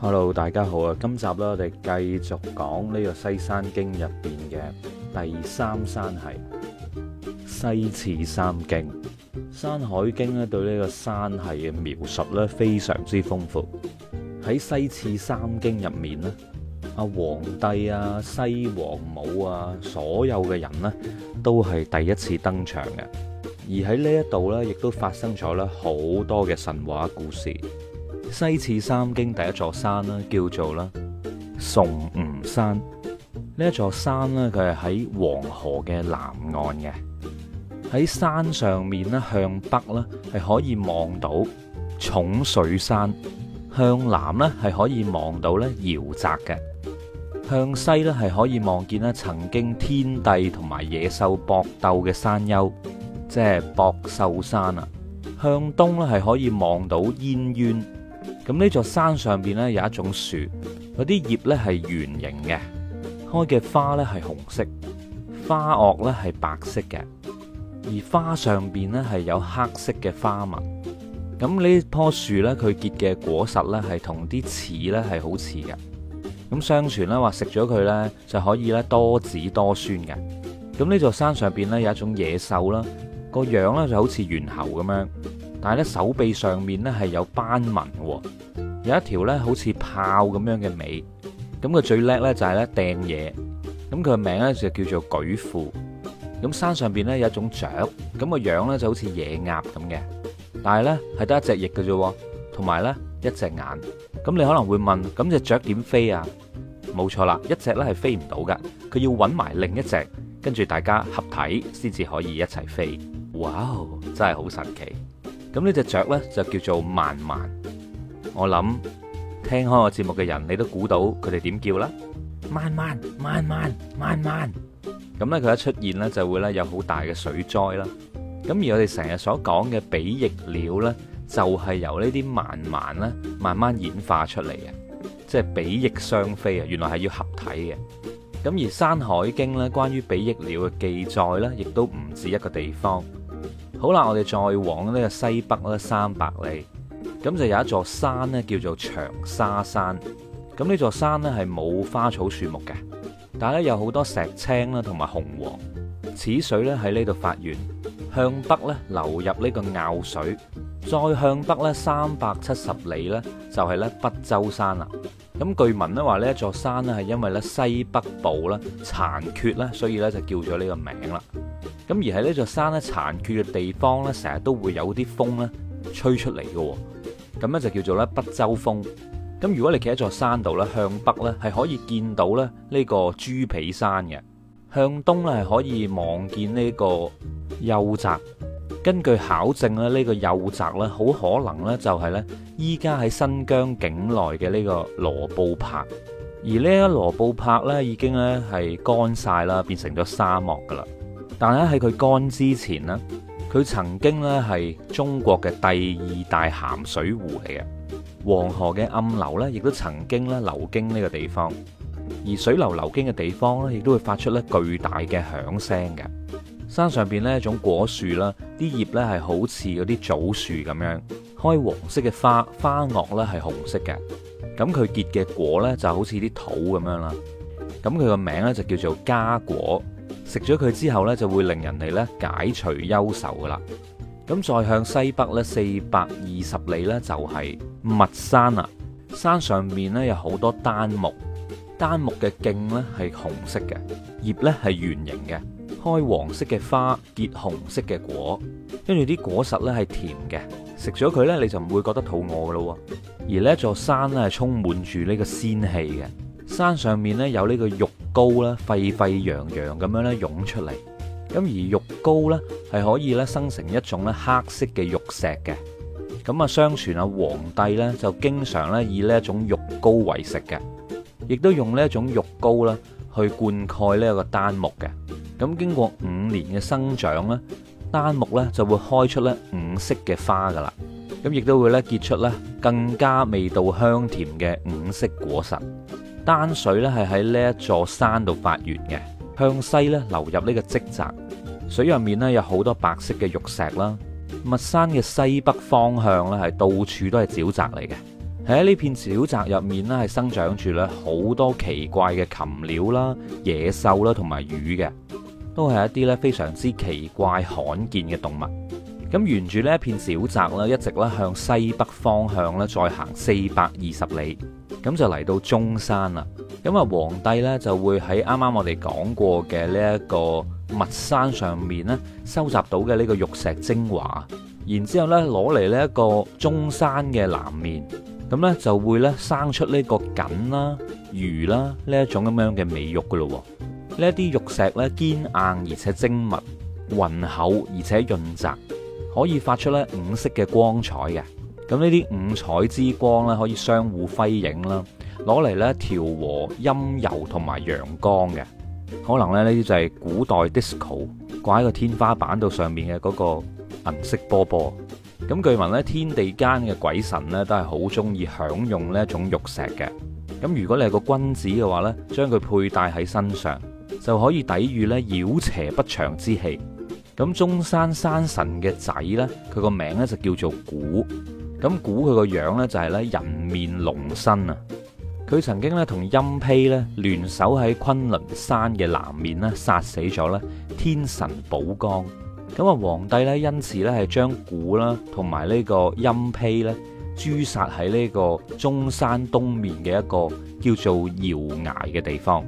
hello，大家好啊！今集咧，我哋繼續講呢個《西山經》入邊嘅第三山系西次三經，《山海經》咧，對呢個山系嘅描述咧，非常之豐富。喺西次三經入面咧，阿黃帝啊、西王母啊，所有嘅人呢，都係第一次登場嘅。而喺呢一度咧，亦都發生咗咧好多嘅神話故事。西次三經第一座山啦，叫做啦崇吾山，呢一座山啦，佢係喺黃河嘅南岸嘅。喺山上面咧，向北咧係可以望到重水山；向南咧係可以望到咧瑤澤嘅。向西咧係可以望見咧曾經天帝同埋野獸搏鬥嘅山丘，即係博秀山啊。向東咧係可以望到煙淵。咁呢座山上邊呢，有一種樹，佢啲葉呢係圓形嘅，開嘅花呢係紅色，花萼呢係白色嘅，而花上邊呢係有黑色嘅花紋。咁呢棵樹呢，佢結嘅果實呢係同啲刺呢係好似嘅。咁相傳呢，話食咗佢呢就可以呢多子多孫嘅。咁呢座山上邊呢，有一種野獸啦，個樣呢就好似猿猴咁樣。但係咧，手臂上面咧係有斑紋，有一條咧好似豹咁樣嘅尾。咁佢最叻咧就係咧掟嘢。咁佢嘅名咧就叫做舉父。咁山上邊咧有一種雀，咁個樣咧就好似野鴨咁嘅，但係咧係得一隻翼嘅啫，同埋咧一隻眼。咁你可能會問，咁隻雀點飛啊？冇錯啦，一隻咧係飛唔到噶，佢要搵埋另一隻，跟住大家合體先至可以一齊飛。哇，真係好神奇！咁呢隻雀呢，就叫做慢慢。我諗聽開我節目嘅人，你都估到佢哋點叫啦？慢慢、慢慢、慢慢，咁呢，佢一出現呢，就會呢有好大嘅水災啦。咁而我哋成日所講嘅比翼鳥呢，就係由呢啲慢慢呢慢慢演化出嚟嘅，即係比翼雙飛啊！原來係要合體嘅。咁而《山海經》呢，關於比翼鳥嘅記載呢，亦都唔止一個地方。好啦，我哋再往呢個西北咧三百里，咁就有一座山咧叫做長沙山。咁呢座山咧係冇花草樹木嘅，但係咧有好多石青啦同埋紅黃。此水咧喺呢度發源，向北咧流入呢個坳水，再向北咧三百七十里咧就係咧北周山啦。咁據聞呢話呢一座山咧係因為咧西北部咧殘缺咧，所以咧就叫咗呢個名啦。咁而喺呢座山咧，殘缺嘅地方咧，成日都會有啲風咧吹出嚟嘅。咁咧就叫做咧北周風。咁如果你企喺座山度咧，向北咧係可以見到咧呢個豬皮山嘅；向東咧係可以望見呢個幼澤。根據考證咧，呢個幼澤咧好可能咧就係咧依家喺新疆境內嘅呢個羅布泊。而呢一羅布泊咧已經咧係乾晒啦，變成咗沙漠㗎啦。但係喺佢乾之前呢，佢曾經呢係中國嘅第二大鹹水湖嚟嘅。黃河嘅暗流呢，亦都曾經咧流經呢個地方。而水流流經嘅地方呢，亦都會發出咧巨大嘅響聲嘅。山上邊呢一種果樹啦，啲葉呢係好似嗰啲棗樹咁樣，開黃色嘅花，花萼呢係紅色嘅。咁佢結嘅果呢，就好似啲桃咁樣啦。咁佢個名呢，就叫做嘉果。食咗佢之後呢，就會令人哋呢解除憂愁噶啦。咁再向西北呢，四百二十里呢，就係密山啦。山上面呢，有好多丹木，丹木嘅莖呢，係紅色嘅，葉呢，係圓形嘅，開黃色嘅花，結紅色嘅果，跟住啲果實呢，係甜嘅。食咗佢呢，你就唔會覺得肚餓噶咯。而呢座山呢，係充滿住呢個仙氣嘅。山上面咧有呢個玉膏啦，沸沸揚揚咁樣咧湧出嚟。咁而玉膏咧係可以咧生成一種咧黑色嘅玉石嘅。咁啊，相傳啊，皇帝咧就經常咧以呢一種玉膏為食嘅，亦都用呢一種玉膏啦去灌溉呢一個丹木嘅。咁經過五年嘅生長咧，丹木咧就會開出咧五色嘅花噶啦。咁亦都會咧結出咧更加味道香甜嘅五色果實。丹水咧係喺呢一座山度發源嘅，向西咧流入呢個積澤，水入面咧有好多白色嘅玉石啦。密山嘅西北方向咧係到處都係沼澤嚟嘅，喺呢片沼澤入面咧係生長住咧好多奇怪嘅禽鳥啦、野獸啦同埋魚嘅，都係一啲咧非常之奇怪罕見嘅動物。咁沿住呢一片沼澤啦，一直咧向西北方向咧，再行四百二十里，咁就嚟到中山啦。咁啊，皇帝咧就會喺啱啱我哋講過嘅呢一個密山上面咧，收集到嘅呢個玉石精華，然之後咧攞嚟呢一個中山嘅南面，咁咧就會咧生出呢個錦啦、魚啦呢一種咁樣嘅美玉噶咯。呢一啲玉石咧堅硬而且精密，渾厚而且潤澤。可以發出咧五色嘅光彩嘅，咁呢啲五彩之光咧可以相互輝映啦，攞嚟咧調和陰柔同埋陽光嘅，可能咧呢啲就係古代 disco 掛喺個天花板度上面嘅嗰個銀色波波。咁據聞咧天地間嘅鬼神咧都係好中意享用呢一種玉石嘅，咁如果你係個君子嘅話咧，將佢佩戴喺身上就可以抵御咧妖邪不祥之氣。咁中山山神嘅仔呢，佢個名呢就叫做古。咁古佢個樣呢，就係呢人面龍身啊！佢曾經呢，同陰胚呢聯手喺昆侖山嘅南面呢，殺死咗呢天神寶光。咁啊皇帝呢，因此呢，係將古啦同埋呢個陰胚呢，誅殺喺呢個中山東面嘅一個叫做瑤崖嘅地方。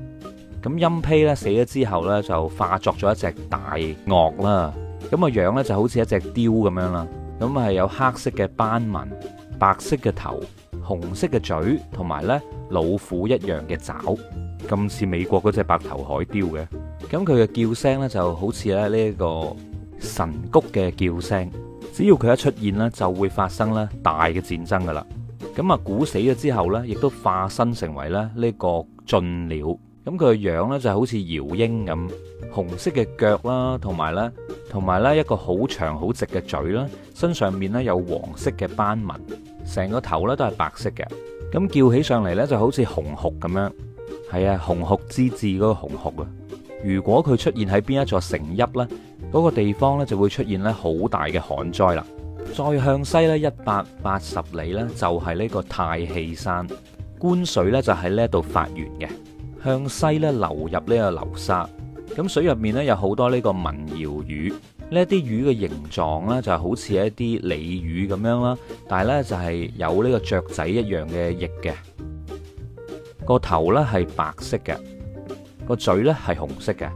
咁欽䲹咧死咗之後咧，就化作咗一隻大鶚啦。咁個樣咧就好似一隻雕咁樣啦。咁係有黑色嘅斑紋、白色嘅頭、紅色嘅嘴，同埋咧老虎一樣嘅爪，咁似美國嗰隻白頭海雕嘅。咁佢嘅叫聲咧就好似咧呢一個晨鵠嘅叫聲。只要佢一出現咧，就會發生咧大嘅戰爭噶啦。咁啊，鼓死咗之後咧，亦都化身成為咧呢個鵕鳥。咁佢嘅樣咧就好似鷂鷹咁，紅色嘅腳啦，同埋咧，同埋咧一個好長好直嘅嘴啦，身上面咧有黃色嘅斑紋，成個頭咧都係白色嘅。咁叫起上嚟咧就好似鴻鵠咁樣，係啊，鴻鵠之志嗰個鴻鵠啊。如果佢出現喺邊一座城邑呢，嗰個地方咧就會出現咧好大嘅旱災啦。再向西咧一百八十里咧就係呢個太氣山，觀水咧就喺呢度發源嘅。向西咧流入呢個流沙，咁水入面咧有好多呢個文鰩魚，呢啲魚嘅形狀咧就好似一啲鯉魚咁樣啦，但係咧就係有呢個雀仔一樣嘅翼嘅，個頭咧係白色嘅，個嘴咧係紅色嘅，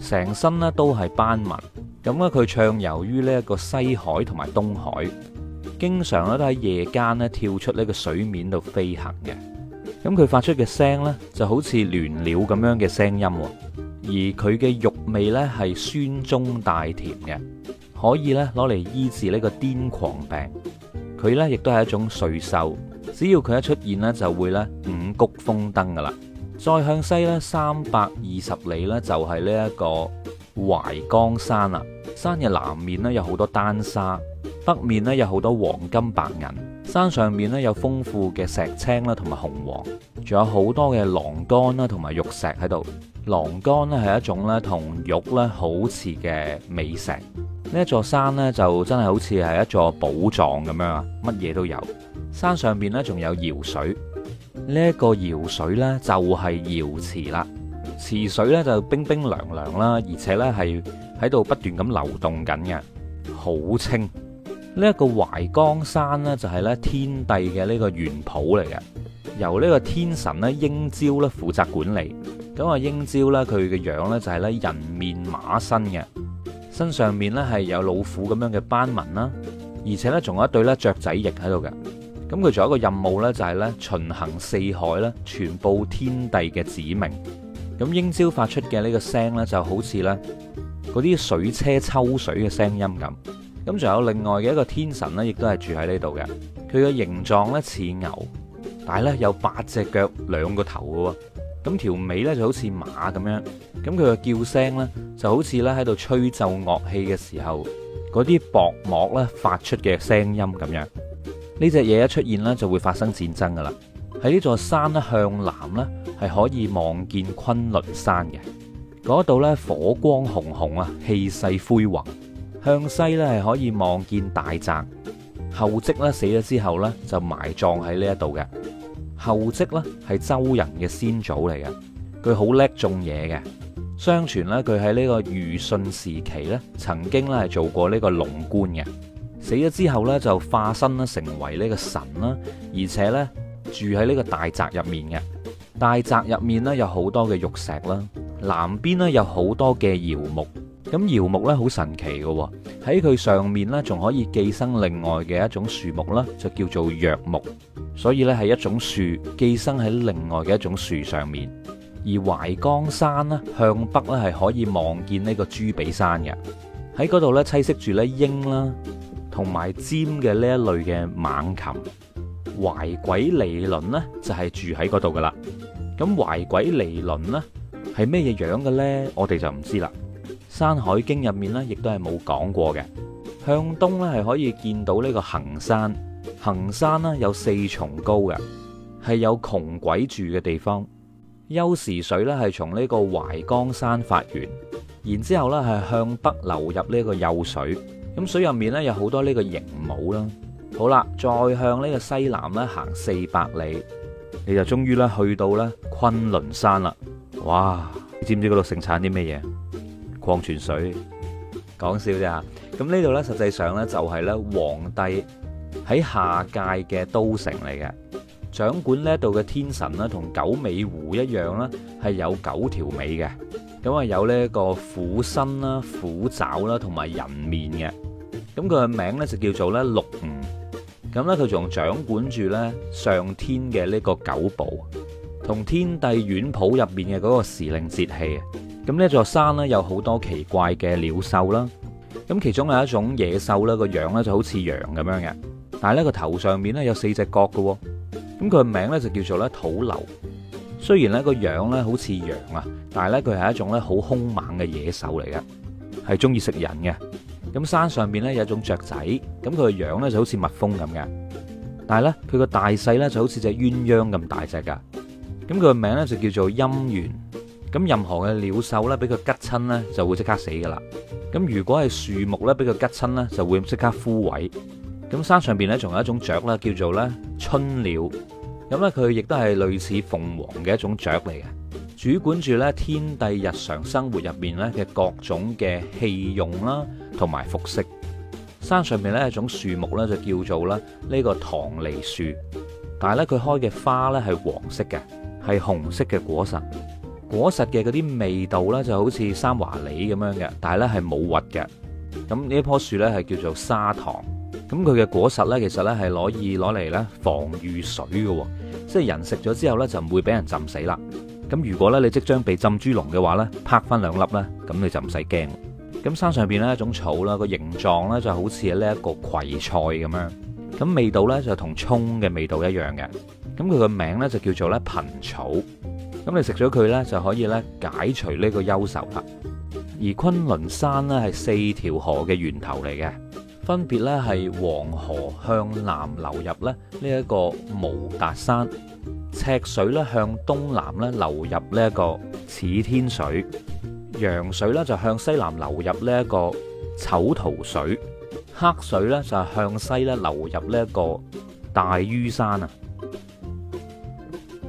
成身咧都係斑紋，咁咧佢暢游於呢一個西海同埋東海，經常咧都喺夜間咧跳出呢個水面度飛行嘅。咁佢發出嘅聲呢就好似鸞鳥咁樣嘅聲音，而佢嘅肉味呢係酸中帶甜嘅，可以呢攞嚟醫治呢個癲狂病。佢呢亦都係一種瑞獸，只要佢一出現呢，就會呢五穀豐登噶啦。再向西呢，三百二十里呢，就係呢一個淮江山啦。山嘅南面呢，有好多丹砂，北面呢，有好多黃金白銀。山上面咧有豐富嘅石青啦，同埋紅黃，仲有好多嘅琅玕啦，同埋玉石喺度。琅玕咧係一種咧同玉咧好似嘅美石。呢一座山咧就真係好似係一座寶藏咁樣啊，乜嘢都有。山上邊咧仲有瑤水，呢一個瑤水咧就係瑤池啦。池水咧就冰冰涼涼啦，而且咧係喺度不斷咁流動緊嘅，好清。呢一個淮江山咧，就係咧天帝嘅呢個元普嚟嘅，由呢個天神咧英招咧負責管理。咁啊，英招咧佢嘅樣咧就係咧人面馬身嘅，身上面咧係有老虎咁樣嘅斑紋啦，而且咧仲有一對咧雀仔翼喺度嘅。咁佢仲有一個任務咧，就係咧巡行四海咧，傳布天帝嘅指命。咁英招發出嘅呢個聲咧，就好似咧嗰啲水車抽水嘅聲音咁。咁仲有另外嘅一個天神咧，亦都係住喺呢度嘅。佢嘅形狀咧似牛，但係咧有八隻腳、兩個頭嘅喎。咁條尾咧就好似馬咁樣。咁佢嘅叫聲咧就好似咧喺度吹奏樂器嘅時候嗰啲薄膜咧發出嘅聲音咁樣。呢隻嘢一出現咧就會發生戰爭噶啦。喺呢座山咧向南咧係可以望見昆崙山嘅嗰度咧火光紅紅啊，氣勢恢宏。向西咧係可以望見大澤。后稷咧死咗之後咧就埋葬喺呢一度嘅。后稷咧係周人嘅先祖嚟嘅，佢好叻種嘢嘅。相傳咧佢喺呢個禹舜時期咧，曾經咧係做過呢個龍官嘅。死咗之後咧就化身啦成為呢個神啦，而且咧住喺呢個大澤入面嘅。大澤入面咧有好多嘅玉石啦，南邊咧有好多嘅搖木。咁榣木咧好神奇嘅喎、哦，喺佢上面呢，仲可以寄生另外嘅一種樹木啦，就叫做若木，所以呢，係一種樹寄生喺另外嘅一種樹上面。而槐江山呢，向北呢，係可以望見呢個諸毗山嘅，喺嗰度呢，棲息住呢鷹啦同埋尖嘅呢一類嘅猛禽。槐鬼離侖呢，就係、是、住喺嗰度噶啦，咁槐鬼離侖呢，係咩嘢樣嘅呢？我哋就唔知啦。山海經入面呢，亦都係冇講過嘅。向東呢，係可以見到呢個恒山，恒山呢，有四重高嘅，係有窮鬼住嘅地方。丘時水呢，係從呢個淮江山發源，然之後呢係向北流入呢個幼水。咁水入面呢，有好多呢個螢母啦。好啦，再向呢個西南呢，行四百里，你就終於呢，去到呢昆侖山啦。哇，你知唔知嗰度盛產啲咩嘢？礦泉水，講笑啫啊！咁呢度呢，實際上呢，就係呢皇帝，喺下界嘅都城嚟嘅，掌管呢度嘅天神呢，同九尾狐一樣啦，係有九條尾嘅，咁啊有呢個虎身啦、虎爪啦，同埋人面嘅，咁佢嘅名呢，就叫做呢陸吾，咁呢，佢仲掌管住呢上天嘅呢個九部，同天帝園圃入面嘅嗰個時令節氣。咁呢一座山咧有好多奇怪嘅鳥獸啦，咁其中有一種野獸啦個樣咧就好似羊咁樣嘅，但係咧個頭上面咧有四隻角嘅，咁佢嘅名咧就叫做咧土螻。雖然咧個樣咧好似羊啊，但係咧佢係一種咧好凶猛嘅野獸嚟嘅，係中意食人嘅。咁山上面咧有一種雀仔，咁佢嘅樣咧就好似蜜蜂咁嘅，但係咧佢個大細咧就好似隻鴛鴦咁大隻噶，咁佢嘅名咧就叫做欽原。咁任何嘅鳥獸咧，俾佢吉親咧，就會即刻死噶啦。咁如果係樹木咧，俾佢吉親咧，就會即刻枯萎。咁山上邊咧，仲有一種雀咧，叫做咧春鳥。咁咧，佢亦都係類似鳳凰嘅一種雀嚟嘅，主管住咧天地日常生活入面咧嘅各種嘅器用啦，同埋服飾。山上邊咧一種樹木咧，就叫做咧呢個棠梨樹，但係咧佢開嘅花咧係黃色嘅，係紅色嘅果實。果實嘅嗰啲味道呢，就好似三華李咁樣嘅，但係呢係冇核嘅。咁呢一棵樹咧係叫做砂糖，咁佢嘅果實呢，其實呢係可以攞嚟咧防禦水嘅，即係人食咗之後呢，就唔會俾人浸死啦。咁如果呢，你即將被浸豬籠嘅話呢，拍翻兩粒呢，咁你就唔使驚。咁山上邊呢，一種草啦，個形狀呢，就好似呢一個葵菜咁樣，咁味道呢，就同蔥嘅味道一樣嘅。咁佢個名呢，就叫做呢蘋草。咁你食咗佢呢，就可以呢解除呢個憂愁啦。而昆崙山呢，係四條河嘅源頭嚟嘅，分別呢係黃河向南流入咧呢一個無達山，赤水咧向東南呢流入呢一個始天水，洋水呢就向西南流入呢一個醜塗水，黑水呢就係向西呢流入呢一個大于山啊。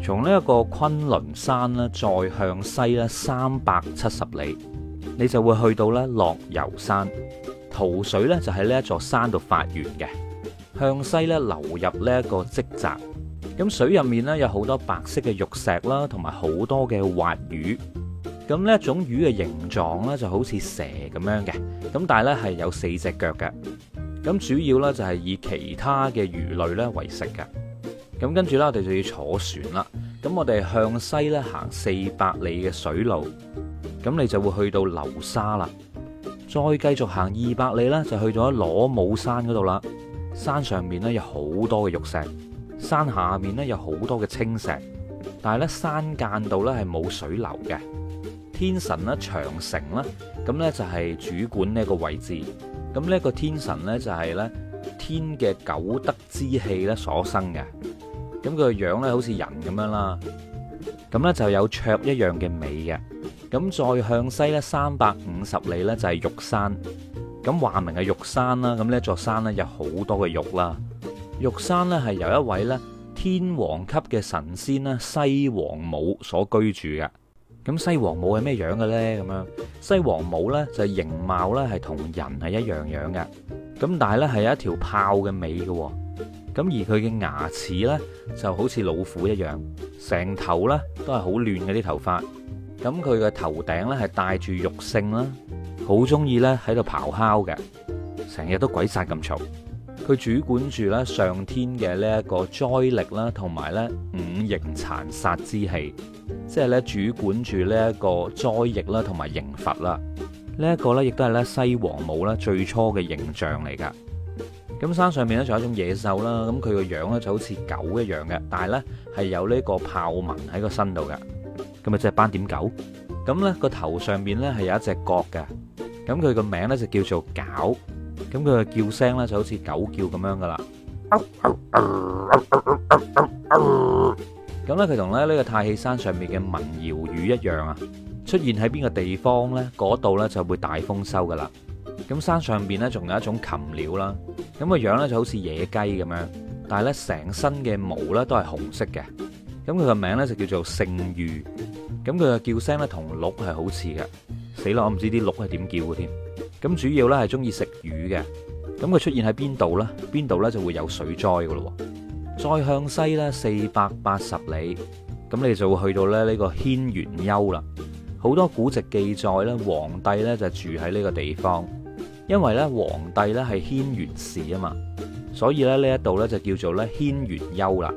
從呢一個崑崙山咧，再向西咧三百七十里，你就會去到咧樂游山。桃水咧就喺呢一座山度發源嘅，向西咧流入呢一個稷澤。咁水入面咧有好多白色嘅玉石啦，同埋好多嘅滑魚。咁呢一種魚嘅形狀咧就好似蛇咁樣嘅，咁但係咧係有四隻腳嘅。咁主要咧就係以其他嘅魚類咧為食嘅。咁跟住啦，我哋就要坐船啦。咁我哋向西咧行四百里嘅水路，咁你就會去到流沙啦。再繼續行二百里呢，就去咗裸帽山嗰度啦。山上面呢，有好多嘅玉石，山下面呢，有好多嘅青石。但係呢，山間度呢，係冇水流嘅。天神呢，長城呢，咁呢，就係主管呢個個位置。咁呢個個天神呢，就係呢天嘅九德之氣呢所生嘅。咁佢個樣咧，好似人咁樣啦，咁咧就有雀一樣嘅尾嘅。咁再向西咧三百五十里咧，就係玉山。咁話明係玉山啦。咁呢座山咧有好多嘅玉啦。玉山咧係由一位咧天王級嘅神仙咧西王母所居住嘅。咁西王母係咩樣嘅咧？咁樣西王母咧就係形貌咧係同人係一樣樣嘅。咁但係咧係有一條豹嘅尾嘅。咁而佢嘅牙齒呢，就好似老虎一樣，成頭呢都係好亂嘅啲頭髮。咁佢嘅頭頂呢，係帶住玉勝啦，好中意呢喺度咆哮嘅，成日都鬼殺咁嘈。佢主管住呢上天嘅呢一個災力啦，同埋呢五刑殘殺之氣，即係呢主管住呢一個災疫啦，同埋刑罰啦。呢一個咧亦都係呢西王母呢最初嘅形象嚟噶。咁山上面咧就有一種野獸啦，咁佢個樣咧就好似狗一樣嘅，但係咧係有呢個豹紋喺個身度嘅，咁啊即係斑點狗。咁咧個頭上面咧係有一隻角嘅，咁佢個名咧就叫做狡，咁佢嘅叫聲咧就好似狗叫咁樣噶啦。咁咧佢同咧呢個太氣山上面嘅文鰩魚一樣啊，出現喺邊個地方咧，嗰度咧就會大豐收噶啦。咁山上邊咧，仲有一種禽鳥啦，咁個樣咧就好似野雞咁樣，但係咧成身嘅毛咧都係紅色嘅，咁佢個名咧就叫做聖魚，咁佢嘅叫聲咧同鹿係好似嘅，死啦！我唔知啲鹿係點叫嘅添。咁主要咧係中意食魚嘅，咁佢出現喺邊度咧？邊度咧就會有水災嘅咯。再向西咧四百八十里，咁你就會去到咧呢個軒轅丘啦。好多古籍記載咧，皇帝咧就住喺呢個地方。因為咧皇帝咧係軒轅氏啊嘛，所以咧呢一度咧就叫做咧軒轅丘啦。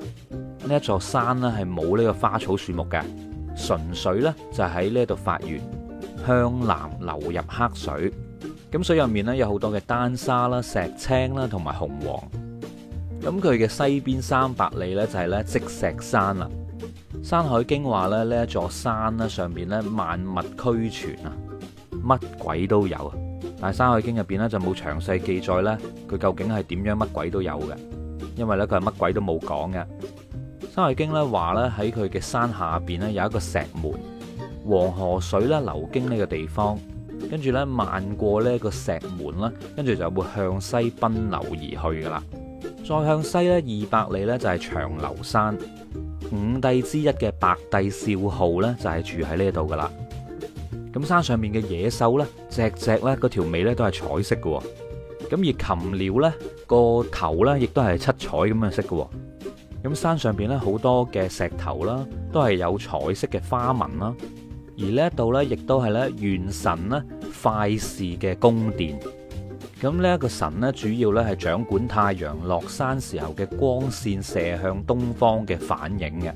呢一座山咧係冇呢個花草樹木嘅，純粹咧就喺呢度發源，向南流入黑水。咁水入面咧有好多嘅丹砂啦、石青啦同埋紅黃。咁佢嘅西邊三百里咧就係咧積石山啦。山海經話咧呢一座山咧上邊咧萬物俱全啊，乜鬼都有啊！但係《山海經》入邊咧就冇詳細記載咧，佢究竟係點樣乜鬼都有嘅？因為咧佢係乜鬼都冇講嘅。《山海經》咧話咧喺佢嘅山下邊咧有一個石門，黃河水咧流經呢個地方，跟住咧漫過呢個石門啦，跟住就會向西奔流而去噶啦。再向西咧二百里咧就係長流山，五帝之一嘅白帝少昊咧就係住喺呢度噶啦。咁山上面嘅野獸呢，隻隻呢嗰條尾呢都係彩色嘅。咁而禽鳥呢，個頭呢亦都係七彩咁樣色嘅。咁山上邊呢，好多嘅石頭啦，都係有彩色嘅花紋啦。而呢一度呢，亦都係呢元神呢快事嘅宮殿。咁呢一個神呢，主要呢係掌管太陽落山時候嘅光線射向東方嘅反影嘅。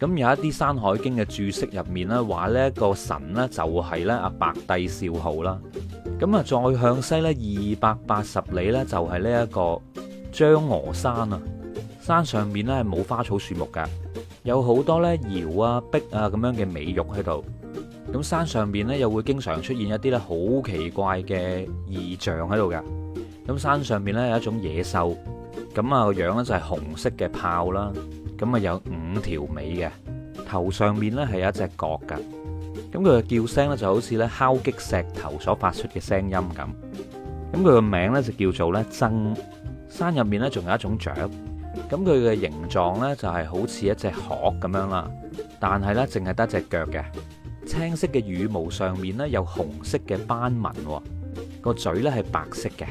咁有一啲《山海經》嘅注釋入面咧，話呢一個神咧就係咧阿白帝少昊啦。咁啊，再向西咧二百八十里咧，就係呢一個章莪山啊。山上面咧係冇花草樹木噶，有好多咧瑤啊、碧啊咁樣嘅美玉喺度。咁山上邊咧又會經常出現一啲咧好奇怪嘅異象喺度噶。咁山上邊咧有一種野獸，咁、那、啊個樣咧就係紅色嘅豹啦。咁啊有五條尾嘅，頭上面咧係有一隻角噶，咁佢嘅叫聲咧就好似咧敲擊石頭所發出嘅聲音咁，咁佢嘅名咧就叫做咧曾。山入面咧仲有一種雀，咁佢嘅形狀咧就係好似一隻鶴咁樣啦，但係咧淨係得一隻腳嘅，青色嘅羽毛上面咧有紅色嘅斑紋，個嘴咧係白色嘅，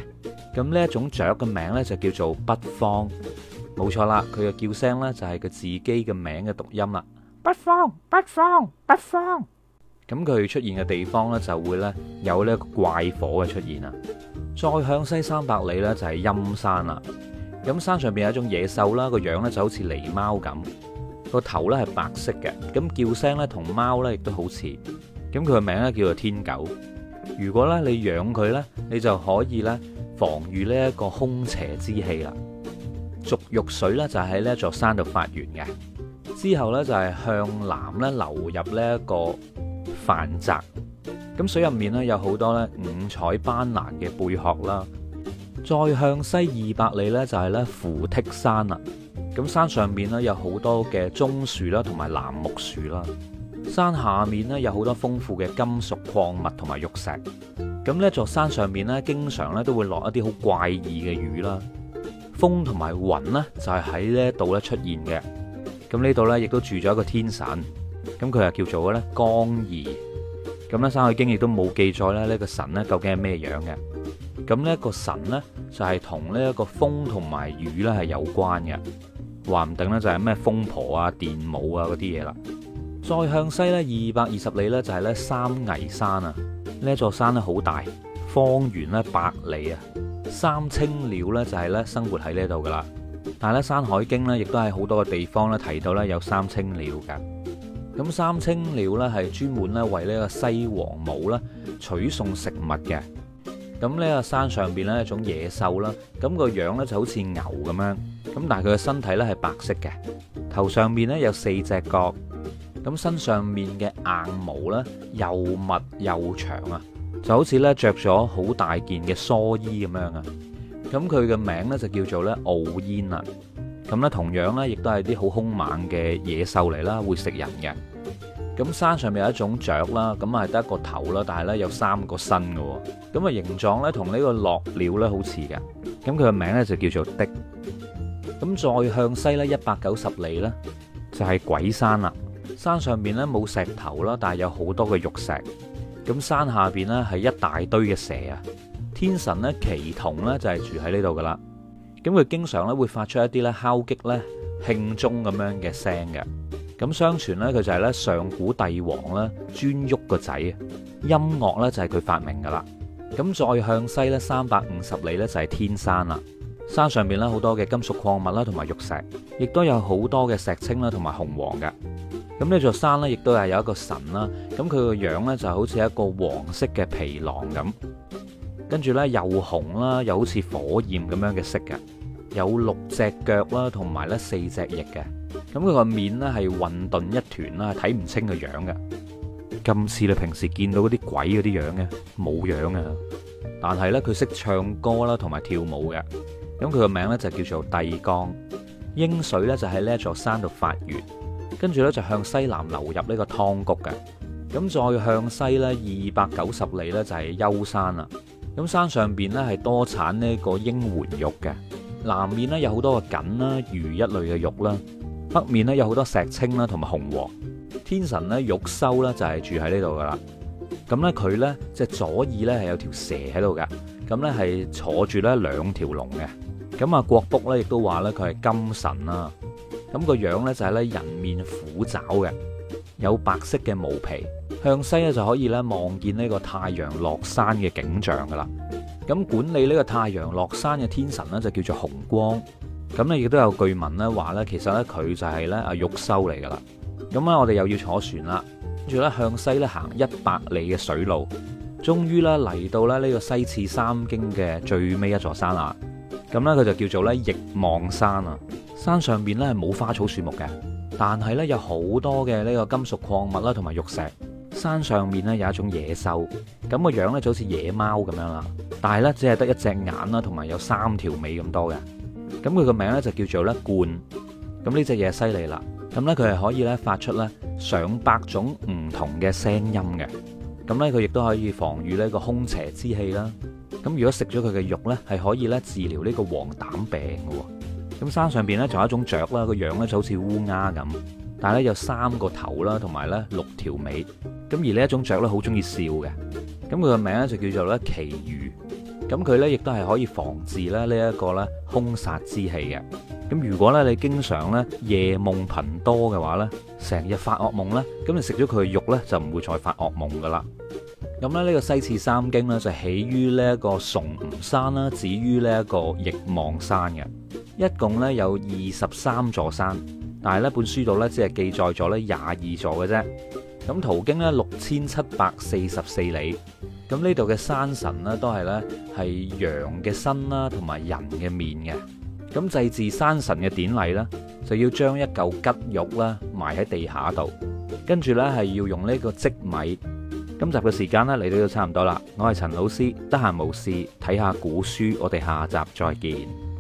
咁呢一種雀嘅名咧就叫做北方。冇錯啦，佢嘅叫聲呢，就係佢自己嘅名嘅讀音啦。北方、北方、北方，咁佢出現嘅地方呢就會呢有呢一個怪火嘅出現啊。再向西三百里呢，就係陰山啦。咁山上邊有一種野獸啦，個樣呢就好似狸貓咁，個頭呢係白色嘅，咁叫聲呢，同貓呢亦都好似。咁佢嘅名呢，叫做天狗。如果呢你養佢呢，你就可以呢防御呢一個凶邪之氣啦。濁玉水咧就喺呢一座山度發源嘅。之後呢，就係向南咧流入呢一個泛澤，咁水入面咧有好多咧五彩斑斕嘅貝殼啦。再向西二百里呢，就係咧符惕山啦，咁山上面呢，有好多嘅棕樹啦同埋楠木樹啦，山下面呢，有好多豐富嘅金屬礦物同埋玉石，咁呢座山上面呢，經常咧都會落一啲好怪異嘅雨啦。風同埋雲咧，就係喺呢一度咧出現嘅。咁呢度咧，亦都住咗一個天神。咁佢又叫做咧江儀。咁咧《山海經》亦都冇記載咧呢個神咧究竟係咩樣嘅。咁呢一個神咧，就係同呢一個風同埋雨咧係有關嘅。話唔定咧就係咩風婆啊、電母啊嗰啲嘢啦。再向西咧二百二十里咧就係咧三危山啊。呢一座山咧好大，方圓咧百里啊。三青鳥咧就係咧生活喺呢度噶啦，但係咧《山海經》咧亦都喺好多嘅地方咧提到咧有三青鳥噶，咁三青鳥咧係專門咧為呢個西王母咧取送食物嘅，咁呢個山上邊咧一種野獸啦，咁個樣咧就好似牛咁樣，咁但係佢嘅身體咧係白色嘅，頭上面咧有四隻角，咁身上面嘅硬毛咧又密又長啊。就好似咧著咗好大件嘅蓑衣咁樣啊！咁佢嘅名咧就叫做咧傲煙啊！咁咧同樣咧亦都係啲好兇猛嘅野獸嚟啦，會食人嘅。咁山上面有一種雀啦，咁啊得一個頭啦，但係咧有三個身嘅。咁啊形狀咧同呢個落鳥咧好似嘅。咁佢嘅名咧就叫做的。咁再向西咧一百九十里呢，就係鬼山啦。山上邊咧冇石頭啦，但係有好多嘅玉石。咁山下邊呢係一大堆嘅蛇啊，天神咧耆童咧就係住喺呢度噶啦，咁佢經常咧會發出一啲咧敲擊咧磬鐘咁樣嘅聲嘅，咁相傳咧佢就係咧上古帝王咧顓頊個仔，音樂咧就係佢發明噶啦，咁再向西咧三百五十里咧就係天山啦，山上邊咧好多嘅金屬礦物啦同埋玉石，亦都有好多嘅石青啦同埋紅黃嘅。咁呢座山咧，亦都係有一個神啦。咁佢個樣咧，就好似一個黃色嘅皮囊咁，跟住咧又紅啦，又好似火焰咁樣嘅色嘅。有六隻腳啦，同埋咧四隻翼嘅。咁佢個面咧係混沌一團啦，睇唔清個樣嘅。咁似你平時見到嗰啲鬼嗰啲樣嘅，冇樣啊。但係咧，佢識唱歌啦，同埋跳舞嘅。咁佢個名咧就叫做帝江。英水咧就喺呢一座山度發源。跟住呢，就向西南流入呢個湯谷嘅，咁再向西呢，二百九十里呢，就係、是、丘山啦。咁山上邊呢，係多產呢個鷹援玉嘅，南面呢，有好多個錦啦、魚一類嘅玉啦，北面呢，有好多石青啦同埋紅黃。天神呢，蓐收是呢，就係住喺呢度噶啦。咁呢，佢呢，即係左耳呢，係有條蛇喺度嘅，咁呢，係坐住呢兩條龍嘅。咁啊郭璞呢，亦都話呢，佢係金神啦。咁個樣呢，就係咧人面虎爪嘅，有白色嘅毛皮。向西咧就可以咧望見呢個太陽落山嘅景象噶啦。咁管理呢個太陽落山嘅天神呢，就叫做紅光。咁呢，亦都有據聞呢話呢，其實呢，佢就係呢阿玉修嚟噶啦。咁呢，我哋又要坐船啦，跟住呢，向西咧行一百里嘅水路，終於呢，嚟到咧呢個西次三經嘅最尾一座山啦。咁呢，佢就叫做呢翼望山啊。山上面咧係冇花草樹木嘅，但係咧有好多嘅呢個金屬礦物啦，同埋玉石。山上面咧有一種野獸，咁個樣咧就好似野貓咁樣啦，但係咧只係得一隻眼啦，同埋有三條尾咁多嘅。咁佢個名咧就叫做咧罐。咁呢隻嘢犀利啦，咁咧佢係可以咧發出咧上百種唔同嘅聲音嘅。咁咧佢亦都可以防御呢個凶邪之氣啦。咁如果食咗佢嘅肉咧，係可以咧治療呢個黃疸病嘅。咁山上邊咧就有一種雀啦，個樣咧就好似烏鴉咁，但係咧有三個頭啦，同埋咧六條尾。咁而呢一種雀咧好中意笑嘅，咁佢個名咧就叫做咧奇魚。咁佢咧亦都係可以防止咧呢一個咧凶煞之氣嘅。咁如果咧你經常咧夜夢頻多嘅話咧，成日發噩夢咧，咁你食咗佢嘅肉咧就唔會再發噩夢噶啦。咁咧呢個西次三經咧就起於呢一個崇吾山啦，止於呢一個翼望山嘅。一共咧有二十三座山，但係呢本書度咧只係記載咗咧廿二座嘅啫。咁途經呢六千七百四十四里，咁呢度嘅山神呢，都係咧係羊嘅身啦，同埋人嘅面嘅。咁祭祀山神嘅典禮呢，就要將一嚿吉玉咧埋喺地下度，跟住呢，係要用呢個稷米。今集嘅時間呢，嚟到差唔多啦，我係陳老師，得閒無事睇下古書，我哋下集再見。